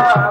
Allah.